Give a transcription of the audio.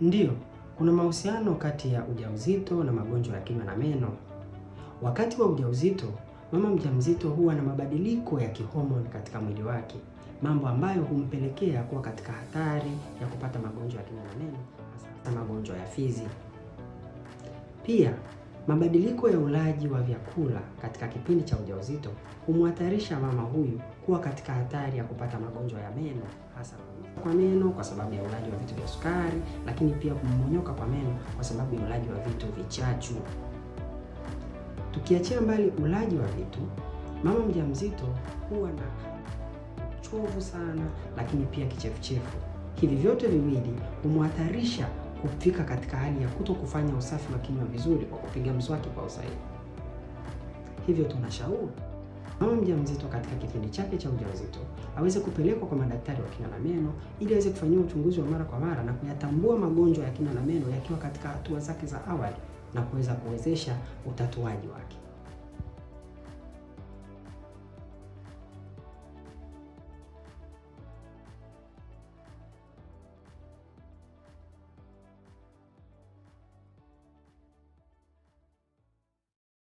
Ndiyo, kuna mahusiano kati ya ujauzito na magonjwa ya kinywa na meno. Wakati wa ujauzito, mama mjamzito huwa na mabadiliko ya kihomoni katika mwili wake, mambo ambayo humpelekea kuwa katika hatari ya kupata magonjwa ya kinywa na meno, hasa magonjwa ya fizi. Pia Mabadiliko ya ulaji wa vyakula katika kipindi cha ujauzito humhatarisha mama huyu kuwa katika hatari ya kupata magonjwa ya meno, hasa kwa meno kwa sababu ya ulaji wa vitu vya sukari, lakini pia kumonyoka kwa meno kwa sababu ya ulaji wa vitu vichachu. Tukiachia mbali ulaji wa vitu, mama mjamzito huwa na chovu sana, lakini pia kichefuchefu. Hivi vyote viwili humhatarisha kufika katika hali ya kuto kufanya usafi wa kinywa vizuri kwa kupiga mswaki kwa usahihi. Hivyo tunashauri mama mjamzito katika kipindi chake cha ujauzito aweze kupelekwa kwa madaktari wa kinywa na meno ili aweze kufanyiwa uchunguzi wa mara kwa mara na kuyatambua magonjwa ya kinywa na meno yakiwa katika hatua zake za awali na kuweza kuwezesha utatuaji wake.